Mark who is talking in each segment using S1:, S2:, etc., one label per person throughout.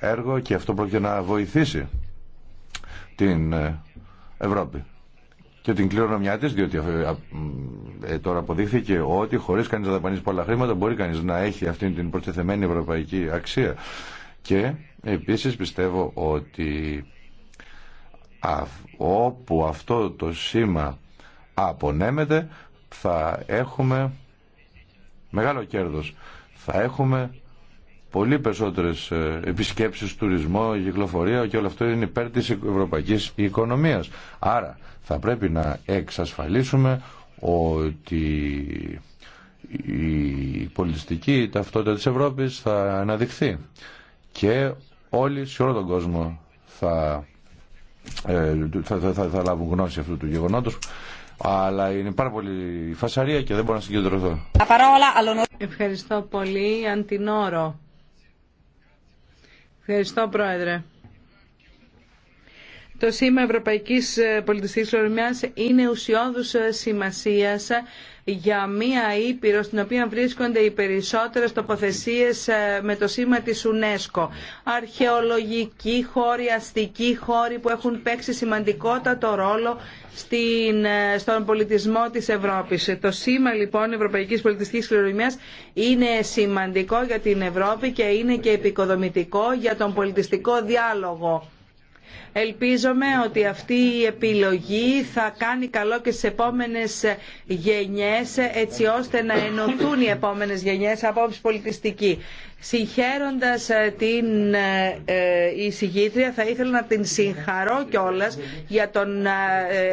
S1: έργο και αυτό πρόκειται να βοηθήσει την ε, Ευρώπη και την κληρονομιά τη, διότι ε, ε, τώρα αποδείχθηκε ότι χωρί κανεί να δαπανίσει πολλά χρήματα μπορεί κανεί να έχει αυτή την προσθεθεμένη ευρωπαϊκή αξία. Και επίση πιστεύω ότι όπου αυτό το σήμα απονέμεται θα έχουμε μεγάλο κέρδος. Θα έχουμε πολύ περισσότερες ε, επισκέψεις, τουρισμό, κυκλοφορία και όλο αυτό είναι υπέρ της ευρωπαϊκής οικονομίας. Άρα θα πρέπει να εξασφαλίσουμε ότι η πολιτιστική ταυτότητα της Ευρώπης θα αναδειχθεί και όλοι σε όλο τον κόσμο θα, ε, θα, θα, θα, λάβουν γνώση αυτού του γεγονότος αλλά είναι πάρα πολύ φασαρία και δεν μπορώ να συγκεντρωθώ.
S2: Ευχαριστώ πολύ, Αντινόρο. Ευχαριστώ, Πρόεδρε. Το σήμα Ευρωπαϊκής ε, Πολιτιστικής Κληρονομιάς είναι ουσιώδους ε, σημασίας για μία ήπειρο στην οποία βρίσκονται οι περισσότερες τοποθεσίες ε, με το σήμα της UNESCO. Αρχαιολογικοί χώροι, αστικοί χώροι που έχουν παίξει σημαντικότατο ρόλο στην, στον πολιτισμό της Ευρώπης. Το σήμα λοιπόν Ευρωπαϊκής Πολιτιστικής Κληρονομιάς είναι σημαντικό για την Ευρώπη και είναι και επικοδομητικό για τον πολιτιστικό διάλογο Ελπίζομαι ότι αυτή η επιλογή θα κάνει καλό και στις επόμενες γενιές έτσι ώστε να ενωθούν οι επόμενες γενιές από άποψη πολιτιστική. Συγχαίροντας ε, την ε, ε, εισηγήτρια θα ήθελα να την συγχαρώ κιόλας για τον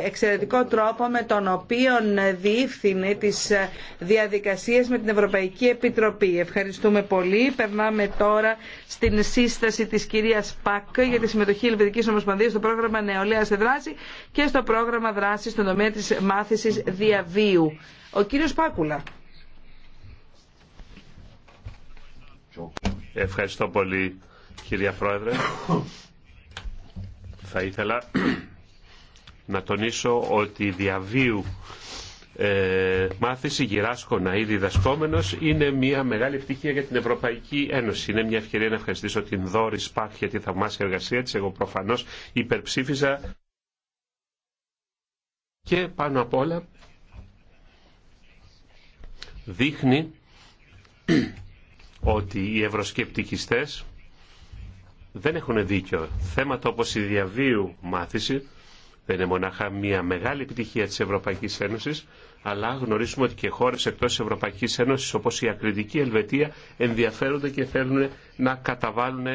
S2: εξαιρετικό τρόπο με τον οποίο διεύθυνε τις διαδικασίες με την Ευρωπαϊκή Επιτροπή. Ευχαριστούμε πολύ. Περνάμε τώρα στην σύσταση της κυρίας Πακ για τη συμμετοχή Ελβετικής Ομοσπονδίας στο πρόγραμμα Νεολαία σε δράση και στο πρόγραμμα Δράση στον τομέα της μάθησης διαβίου. Ο κύριος Πάκουλα.
S3: Ευχαριστώ πολύ κυρία Πρόεδρε. Θα ήθελα να τονίσω ότι η διαβίου ε, μάθηση γυράσκωνα ή διδασκόμενο είναι μια μεγάλη ευτυχία για την Ευρωπαϊκή Ένωση. Είναι μια ευκαιρία να ευχαριστήσω την Δόρη Σπάχ για τη θαυμάσια εργασία τη. Εγώ προφανώ υπερψήφιζα. Και πάνω απ' όλα δείχνει ότι οι ευρωσκεπτικιστές δεν έχουν δίκιο. Θέματα όπως η διαβίου μάθηση δεν είναι μονάχα μια μεγάλη επιτυχία της Ευρωπαϊκής Ένωσης, αλλά γνωρίζουμε ότι και χώρες εκτός της Ευρωπαϊκής Ένωσης όπως η ακριτική Ελβετία ενδιαφέρονται και θέλουν να καταβάλουν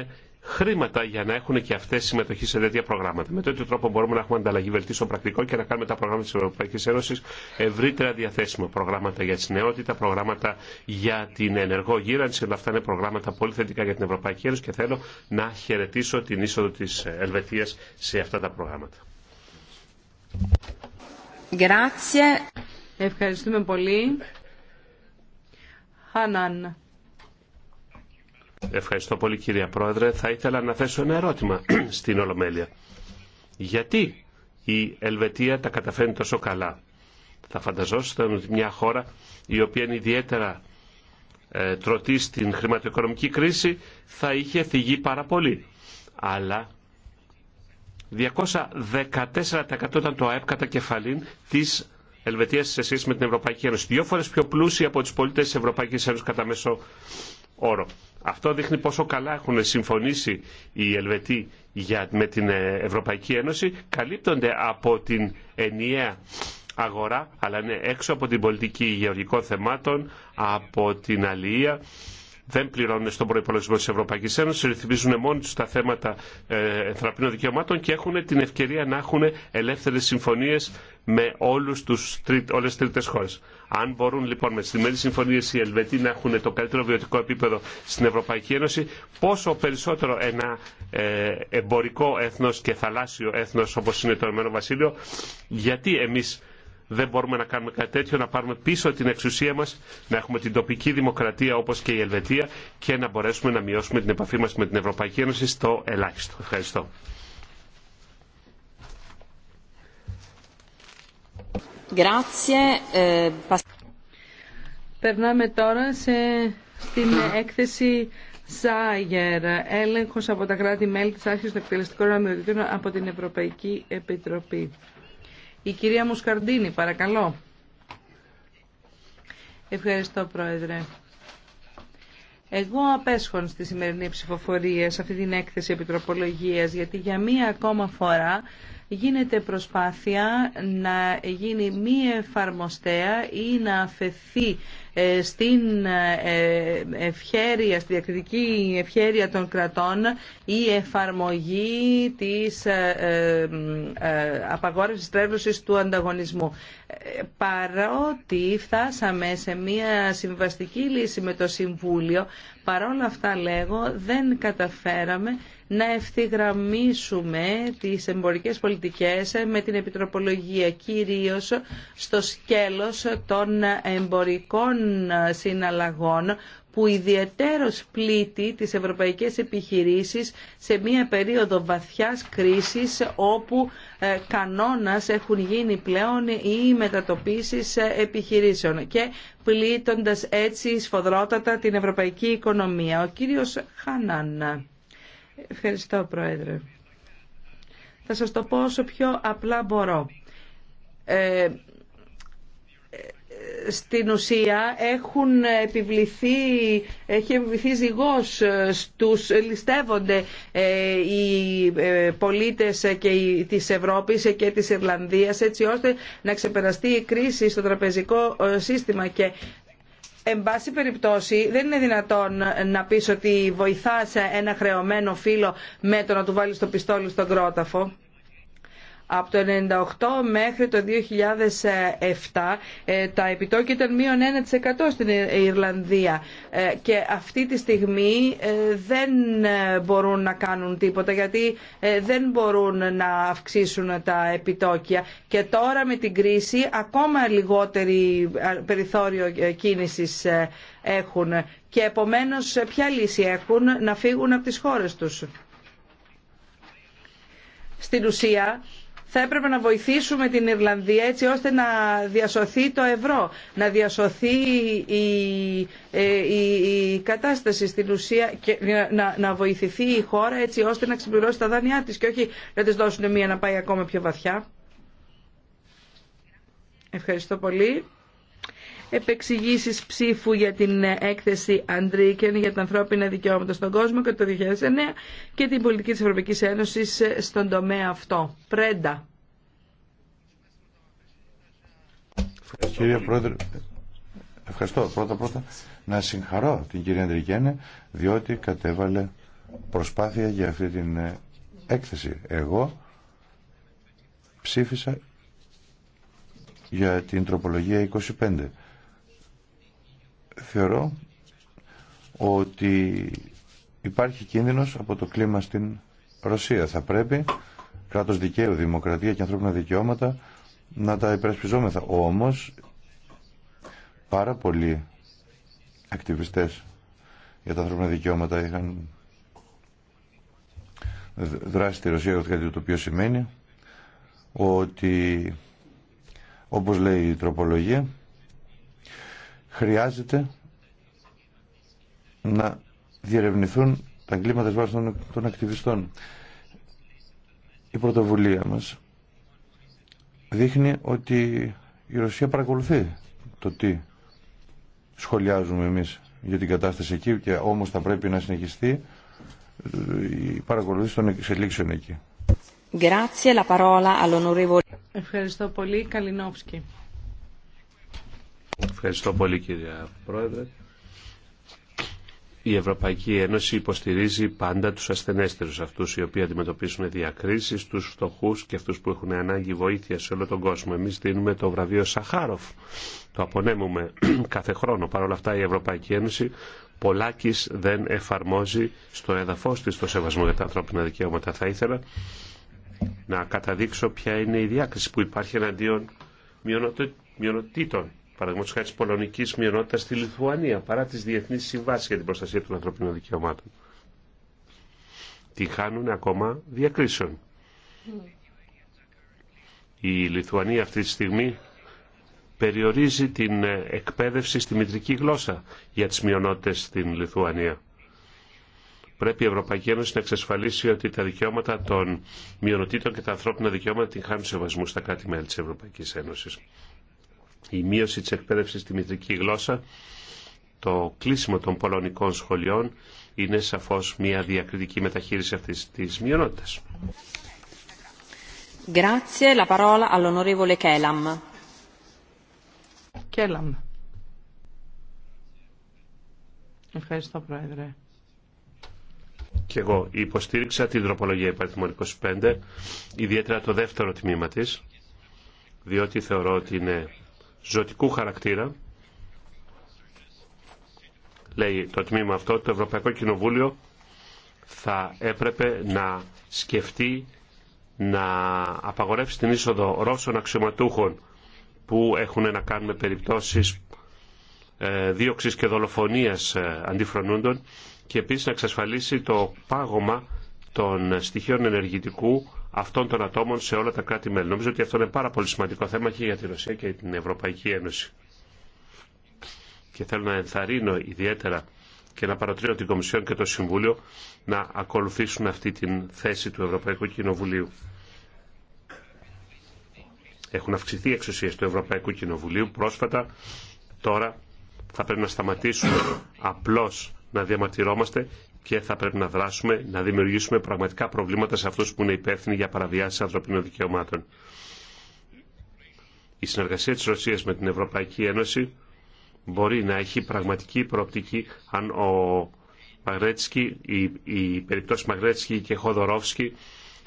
S3: χρήματα για να έχουν και αυτέ συμμετοχή σε τέτοια προγράμματα. Με τέτοιο τρόπο μπορούμε να έχουμε ανταλλαγή βελτίστων πρακτικό και να κάνουμε τα προγράμματα τη Ευρωπαϊκή Ένωση ευρύτερα διαθέσιμα. Προγράμματα για τη νεότητα, προγράμματα για την ενεργό γύρανση. αυτά είναι προγράμματα πολύ θετικά για την Ευρωπαϊκή Ένωση και θέλω να χαιρετήσω την είσοδο τη Ελβετία σε αυτά τα προγράμματα.
S2: Ευχαριστούμε πολύ. Χάναν.
S3: Ευχαριστώ πολύ κύριε Πρόεδρε. Θα ήθελα να θέσω ένα ερώτημα στην Ολομέλεια. Γιατί η Ελβετία τα καταφέρνει τόσο καλά. Θα φανταζόσασταν ότι μια χώρα η οποία είναι ιδιαίτερα ε, τρωτή στην χρηματοοικονομική κρίση θα είχε θυγεί πάρα πολύ. Αλλά 214% ήταν το ΑΕΠ κατά κεφαλήν της Ελβετίας σε σχέση με την Ευρωπαϊκή Ένωση. Δύο φορές πιο πλούσιοι από τις πολίτες της Ευρωπαϊκής Ένωσης κατά μέσο όρο. Αυτό δείχνει πόσο καλά έχουν συμφωνήσει οι Ελβετοί για, με την ε, Ευρωπαϊκή Ένωση. Καλύπτονται από την ενιαία αγορά, αλλά είναι έξω από την πολιτική γεωργικών θεμάτων, από την αλληλεία, δεν πληρώνουν στον προπολογισμό τη Ευρωπαϊκή Ένωση, ρυθμίζουν μόνοι του τα θέματα ε, ανθρωπίνων δικαιωμάτων και έχουν την ευκαιρία να έχουν ελεύθερε συμφωνίε με όλε τι τρίτε χώρε. Αν μπορούν λοιπόν με τι διμερεί συμφωνίε οι Ελβετοί να έχουν το καλύτερο βιωτικό επίπεδο στην Ευρωπαϊκή Ένωση, πόσο περισσότερο ένα ε, εμπορικό έθνο και θαλάσσιο έθνο όπω είναι το Ηνωμένο Βασίλειο, γιατί εμεί δεν μπορούμε να κάνουμε κάτι τέτοιο, να πάρουμε πίσω την εξουσία μας, να έχουμε την τοπική δημοκρατία όπως και η Ελβετία και να μπορέσουμε να μειώσουμε την επαφή μας με την Ευρωπαϊκή Ένωση στο ελάχιστο. Ευχαριστώ.
S2: Eh, Περνάμε τώρα σε, στην έκθεση Σάγερ, έλεγχος από τα κράτη-μέλη της άρχης των εκτελεστικών αμοιωτήτων από την Ευρωπαϊκή Επιτροπή. Η κυρία Μουσκαρντίνη, παρακαλώ. Ευχαριστώ, Πρόεδρε. Εγώ απέσχον στη σημερινή ψηφοφορία, σε αυτή την έκθεση επιτροπολογίας, γιατί για μία ακόμα φορά γίνεται προσπάθεια να γίνει μη εφαρμοστέα ή να αφαιθεί ε, στην ε, ευχέρεια, στη διακριτική ευχέρεια των κρατών η εφαρμογή της ε, απαγόρευσης τρέβλωσης του ανταγωνισμού. Παρότι φτάσαμε σε μια συμβαστική λύση με το Συμβούλιο, Παρόλα αυτά λέγω δεν καταφέραμε να ευθυγραμμίσουμε τις εμπορικές πολιτικές με την επιτροπολογία κυρίως στο σκέλος των εμπορικών συναλλαγών που ιδιαιτέρως πλήττει τις ευρωπαϊκές επιχειρήσεις σε μια περίοδο βαθιάς κρίσης όπου ε, κανόνας έχουν γίνει πλέον οι μετατοπίσεις ε, επιχειρήσεων και πλήττοντας έτσι σφοδρότατα την ευρωπαϊκή οικονομία. Ο κύριος Χανάν. Ευχαριστώ Πρόεδρε. Θα σας το πω όσο πιο απλά μπορώ. Ε, στην ουσία έχουν επιβληθεί, έχει επιβληθεί ζυγός ε, στους ληστεύονται ε, οι ε, πολίτες και της Ευρώπης και της Ιρλανδίας έτσι ώστε να ξεπεραστεί η κρίση στο τραπεζικό σύστημα και Εν πάση περιπτώσει, δεν είναι δυνατόν να πεις ότι βοηθάς ένα χρεωμένο φίλο με το να του βάλεις το πιστόλι στον κρόταφο. Από το 1998 μέχρι το 2007 ε, τα επιτόκια ήταν μείον 1% στην ε, Ιρλανδία ε, και αυτή τη στιγμή δεν μπορούν να κάνουν τίποτα γιατί δεν μπορούν να αυξήσουν τα επιτόκια και τώρα με την κρίση ακόμα λιγότερη περιθώριο κίνησης έχουν και επομένως ποια λύση έχουν να φύγουν από τις χώρες τους. Στην ουσία θα έπρεπε να βοηθήσουμε την Ιρλανδία έτσι ώστε να διασωθεί το ευρώ, να διασωθεί η, ε, η, κατάσταση στην ουσία και να, να βοηθηθεί η χώρα έτσι ώστε να ξεπληρώσει τα δάνειά της και όχι να της δώσουν μία να πάει ακόμα πιο βαθιά. Ευχαριστώ πολύ επεξηγήσεις ψήφου για την έκθεση Αντρίκεν για τα ανθρώπινα δικαιώματα στον κόσμο και το 2009 και την πολιτική της Ευρωπαϊκής Ένωσης στον τομέα αυτό. Πρέντα.
S1: Κύριε Πρόεδρε, ευχαριστώ πρώτα πρώτα να συγχαρώ την κυρία Αντρικένε διότι κατέβαλε προσπάθεια για αυτή την έκθεση. Εγώ ψήφισα για την τροπολογία 25 θεωρώ ότι υπάρχει κίνδυνος από το κλίμα στην Ρωσία. Θα πρέπει κράτος δικαίου, δημοκρατία και ανθρώπινα δικαιώματα να τα υπερασπιζόμεθα. Όμως πάρα πολλοί ακτιβιστές για τα ανθρώπινα δικαιώματα είχαν δράσει στη Ρωσία για το οποίο σημαίνει ότι όπως λέει η τροπολογία χρειάζεται να διερευνηθούν τα εγκλήματα βάρος των ακτιβιστών. Η πρωτοβουλία μας δείχνει ότι η Ρωσία παρακολουθεί το τι σχολιάζουμε εμείς για την κατάσταση εκεί και όμως θα πρέπει να συνεχιστεί ε, η παρακολούθηση των εξελίξεων εκεί.
S2: Ευχαριστώ πολύ. Καλινόφσκι.
S3: Ευχαριστώ πολύ κύριε Πρόεδρε. Η Ευρωπαϊκή Ένωση υποστηρίζει πάντα τους ασθενέστερους αυτούς οι οποίοι αντιμετωπίσουν διακρίσεις, τους φτωχούς και αυτούς που έχουν ανάγκη βοήθεια σε όλο τον κόσμο. Εμείς δίνουμε το βραβείο Σαχάροφ, το απονέμουμε κάθε χρόνο. Παρ' όλα αυτά η Ευρωπαϊκή Ένωση πολλάκις δεν εφαρμόζει στο έδαφος της το σεβασμό για τα ανθρώπινα δικαιώματα. Θα ήθελα να καταδείξω ποια είναι η διάκριση που υπάρχει εναντίον μειονοτήτων παραδείγματο χάρη τη πολωνική μειονότητα στη Λιθουανία, παρά τι διεθνεί συμβάσει για την προστασία των ανθρωπίνων δικαιωμάτων. Τι χάνουν ακόμα διακρίσεων. Η Λιθουανία αυτή τη στιγμή περιορίζει την ε, εκπαίδευση στη μητρική γλώσσα για τις μειονότητες στην Λιθουανία. Πρέπει η Ευρωπαϊκή Ένωση να εξασφαλίσει ότι τα δικαιώματα των μειονοτήτων και τα ανθρώπινα δικαιώματα την χάνουν σεβασμού στα κράτη-μέλη τη Ευρωπαϊκής η μείωση της εκπαίδευσης στη μητρική γλώσσα, το κλείσιμο των πολωνικών σχολείων είναι σαφώς μια διακριτική μεταχείριση αυτής της μειονότητας.
S2: Grazie, la parola all'onorevole Kelam. Kelam. Ευχαριστώ, Πρόεδρε.
S3: Και εγώ υποστήριξα την τροπολογία υπαριθμών 25, ιδιαίτερα το δεύτερο τμήμα της, διότι θεωρώ ότι είναι ζωτικού χαρακτήρα. Λέει το τμήμα αυτό, το Ευρωπαϊκό Κοινοβούλιο θα έπρεπε να σκεφτεί να απαγορεύσει την είσοδο Ρώσων αξιωματούχων που έχουν να κάνουν με περιπτώσεις ε, δίωξης και δολοφονίας ε, αντιφρονούντων και επίσης να εξασφαλίσει το πάγωμα των στοιχείων ενεργητικού αυτών των ατόμων σε όλα τα κράτη-μέλη. Νομίζω ότι αυτό είναι πάρα πολύ σημαντικό θέμα και για τη Ρωσία και την Ευρωπαϊκή Ένωση. Και θέλω να ενθαρρύνω ιδιαίτερα και να παρατρύνω την Κομισιόν και το Συμβούλιο να ακολουθήσουν αυτή την θέση του Ευρωπαϊκού Κοινοβουλίου. Έχουν αυξηθεί οι εξουσίες του Ευρωπαϊκού Κοινοβουλίου πρόσφατα. Τώρα θα πρέπει να σταματήσουμε απλώς να διαμαρτυρόμαστε και θα πρέπει να δράσουμε, να δημιουργήσουμε πραγματικά προβλήματα σε αυτούς που είναι υπεύθυνοι για παραβιάσει ανθρωπίνων δικαιωμάτων. Η συνεργασία της Ρωσίας με την Ευρωπαϊκή Ένωση μπορεί να έχει πραγματική προοπτική αν ο Μαγρέτσκι, οι, οι περιπτώση Μαγρέτσκι και Χοδωρόφσκι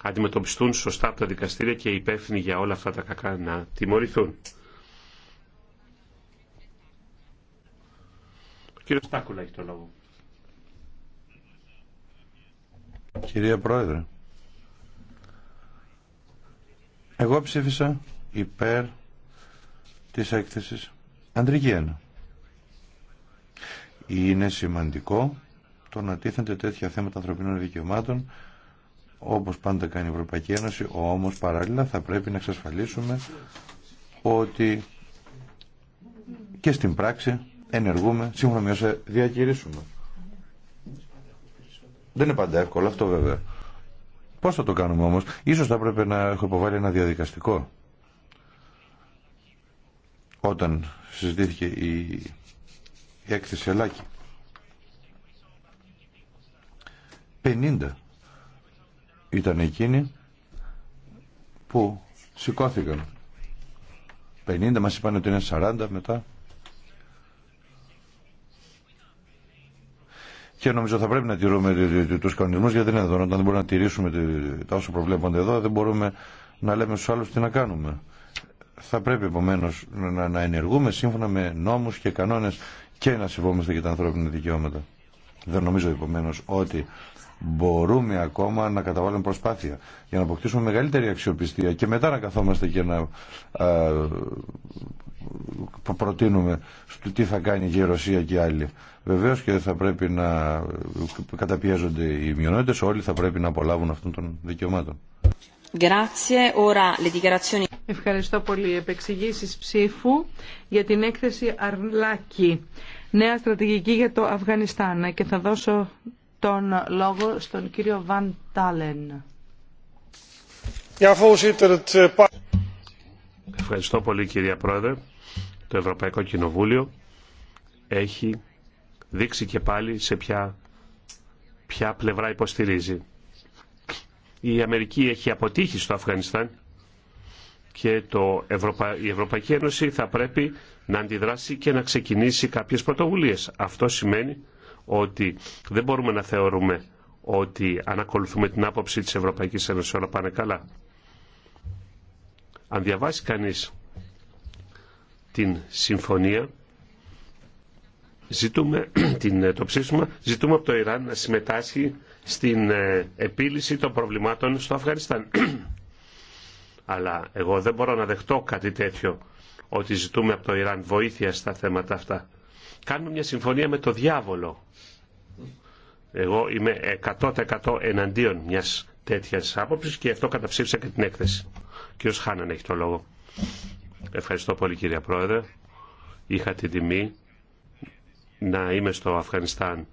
S3: αντιμετωπιστούν σωστά από τα δικαστήρια και οι υπεύθυνοι για όλα αυτά τα κακά να τιμωρηθούν. Κυρία
S1: Πρόεδρε, εγώ ψήφισα υπέρ της έκθεσης Αντρική Ένα. Είναι σημαντικό το να τίθενται τέτοια θέματα ανθρωπίνων δικαιωμάτων όπως πάντα κάνει η Ευρωπαϊκή Ένωση, όμως παράλληλα θα πρέπει να εξασφαλίσουμε ότι και στην πράξη ενεργούμε σύμφωνα με όσα διακηρύσουμε. Δεν είναι πάντα εύκολο αυτό βέβαια. Πώ θα το κάνουμε όμω. Ίσως θα έπρεπε να έχω υποβάλει ένα διαδικαστικό. Όταν συζητήθηκε η έκθεση Ελάκη. 50 ήταν εκείνοι που σηκώθηκαν. 50 μας είπαν ότι είναι 40 μετά. και νομίζω θα πρέπει να τηρούμε του κανονισμού γιατί δεν είναι εδώ. Όταν δεν μπορούμε να τηρήσουμε τα όσα προβλέπονται εδώ, δεν μπορούμε να λέμε στου άλλου τι να κάνουμε. Θα πρέπει επομένω να ενεργούμε σύμφωνα με νόμου και κανόνε και να σεβόμαστε και τα ανθρώπινα δικαιώματα. Δεν νομίζω επομένω ότι μπορούμε ακόμα να καταβάλουμε προσπάθεια για να αποκτήσουμε μεγαλύτερη αξιοπιστία και μετά να καθόμαστε και να α, προτείνουμε στο τι θα κάνει και η Ρωσία και οι άλλοι. Βεβαίως και θα πρέπει να καταπιέζονται οι μειονότητες, όλοι θα πρέπει να απολάβουν αυτών των δικαιωμάτων.
S2: Ευχαριστώ πολύ. Επεξηγήσεις ψήφου για την έκθεση Αρλάκη. Νέα στρατηγική για το Αφγανιστάν. Και θα δώσω τον λόγο στον κύριο Βαν Τάλεν.
S3: Eh, Ευχαριστώ πολύ κυρία Πρόεδρε. Το Ευρωπαϊκό Κοινοβούλιο έχει δείξει και πάλι σε ποια, ποια πλευρά υποστηρίζει η Αμερική έχει αποτύχει στο Αφγανιστάν και το η Ευρωπαϊκή Ένωση θα πρέπει να αντιδράσει και να ξεκινήσει κάποιες πρωτοβουλίες. Αυτό σημαίνει ότι δεν μπορούμε να θεωρούμε ότι αν την άποψη της Ευρωπαϊκής Ένωσης όλα πάνε καλά. Αν διαβάσει κανείς την συμφωνία ζητούμε την, ε, το ψήφισμα, ζητούμε από το Ιράν να συμμετάσχει στην ε, επίλυση των προβλημάτων στο Αφγανιστάν. Αλλά εγώ δεν μπορώ να δεχτώ κάτι τέτοιο, ότι ζητούμε από το Ιράν βοήθεια στα θέματα αυτά. Κάνουμε μια συμφωνία με το διάβολο. Εγώ είμαι 100% εναντίον μιας τέτοιας άποψης και αυτό καταψήφισα και την έκθεση. Κύριο Χάναν έχει το λόγο. Ευχαριστώ πολύ κύριε Πρόεδρε. Είχα την τιμή να είμαι στο Αφγανιστάν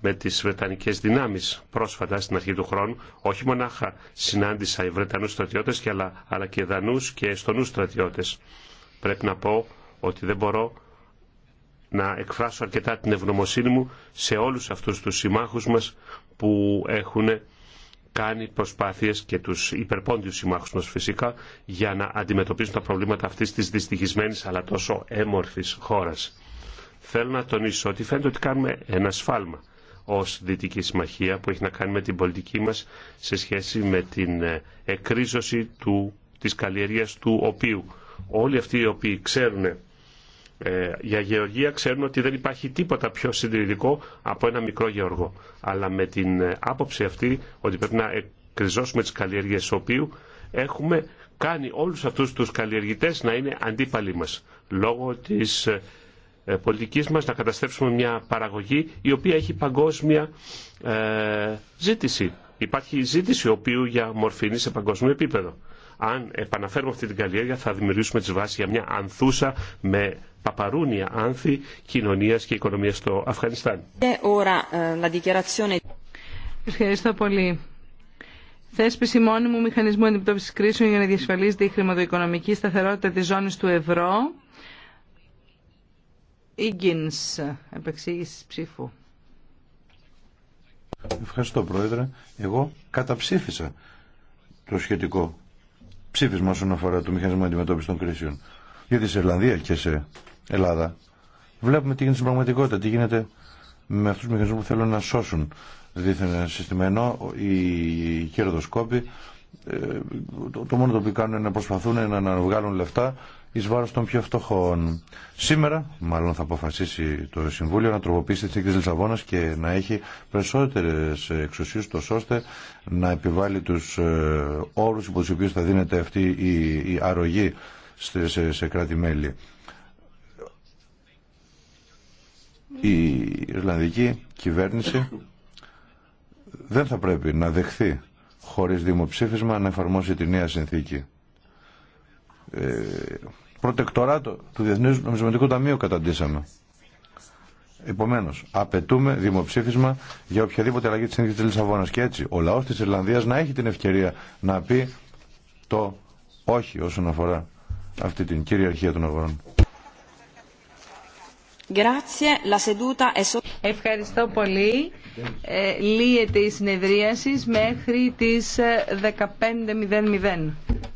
S3: με τις Βρετανικές δυνάμεις πρόσφατα στην αρχή του χρόνου. Όχι μονάχα συνάντησα οι Βρετανούς στρατιώτες, αλλά, και Δανούς και Εστονούς στρατιώτες. Πρέπει να πω ότι δεν μπορώ να εκφράσω αρκετά την ευγνωμοσύνη μου σε όλους αυτούς τους συμμάχους μας που έχουν κάνει προσπάθειες και τους υπερπόντιους συμμάχους μας φυσικά για να αντιμετωπίσουν τα προβλήματα αυτής της δυστυχισμένης αλλά τόσο έμορφης χώρας. Θέλω να τονίσω ότι φαίνεται ότι κάνουμε ένα σφάλμα ως Δυτική Συμμαχία που έχει να κάνει με την πολιτική μας σε σχέση με την ε, εκρίζωση του, της καλλιεργίας του οποίου. Όλοι αυτοί οι οποίοι ξέρουν ε, για γεωργία ξέρουν ότι δεν υπάρχει τίποτα πιο συντηρητικό από ένα μικρό γεωργό. Αλλά με την ε, άποψη αυτή ότι πρέπει να εκκριζώσουμε τις καλλιέργειες του οποίου έχουμε κάνει όλους αυτούς τους καλλιεργητές να είναι αντίπαλοι μας λόγω της ε, ε, πολιτικής μας να καταστρέψουμε μια παραγωγή η οποία έχει παγκόσμια ε, ζήτηση. Υπάρχει ζήτηση οποίου για μορφήνη σε παγκόσμιο επίπεδο. Αν επαναφέρουμε αυτή την καλλιέργεια θα δημιουργήσουμε τις βάσεις για μια ανθούσα με παπαρούνια άνθη κοινωνίας και οικονομίας στο Αφγανιστάν.
S2: Ε, Ευχαριστώ πολύ. Θέσπιση μόνιμου μηχανισμού αντιμετώπισης κρίσεων για να διασφαλίζεται η χρηματοοικονομική σταθερότητα της ζώνης του ευρώ ψήφου.
S1: Ευχαριστώ Πρόεδρε. Εγώ καταψήφισα το σχετικό ψήφισμα όσον αφορά το μηχανισμό αντιμετώπιση των κρίσεων. Γιατί σε Ελλανδία και σε Ελλάδα βλέπουμε τι γίνεται στην πραγματικότητα, τι γίνεται με αυτούς τους μηχανισμούς που θέλουν να σώσουν δίθεν σύστημα. Ενώ οι κερδοσκόποι ε, το, μόνο το οποίο κάνουν είναι να προσπαθούν να, βγάλουν λεφτά εις βάρος των πιο φτωχών. Σήμερα, μάλλον θα αποφασίσει το Συμβούλιο να τροποποιήσει τη της Λισαβόνας και να έχει περισσότερες εξουσίες τόσο ώστε να επιβάλλει τους ε, όρους υπό τους οποίους θα δίνεται αυτή η, η αρρωγή σε, σε, σε κράτη-μέλη. Η Ιρλανδική κυβέρνηση δεν θα πρέπει να δεχθεί χωρίς δημοψήφισμα να εφαρμόσει τη νέα συνθήκη. Ε, προτεκτοράτο του Διεθνούς Νομισματικού Ταμείου καταντήσαμε. Επομένω, απαιτούμε δημοψήφισμα για οποιαδήποτε αλλαγή τη συνθήκη τη Λισαβόνα. και έτσι ο λαός της Ιρλανδίας να έχει την ευκαιρία να πει το όχι όσον αφορά αυτή την κυριαρχία των αγορών.
S2: Ευχαριστώ πολύ. Ε, λύεται η συνεδρίαση μέχρι τις 15.00. Ε,